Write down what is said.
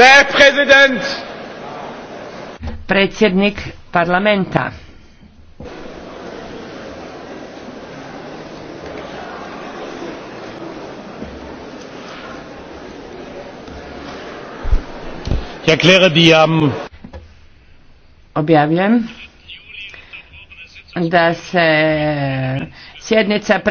Der Präsident! Predsjednik parlamenta. Ich erkläre die am er Objavljen da se sjednica pre